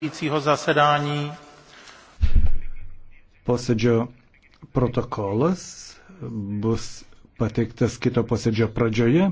předcházejícího zasedání. Posėdžio protokolas bus pateiktas kito posėdžio pradžioje.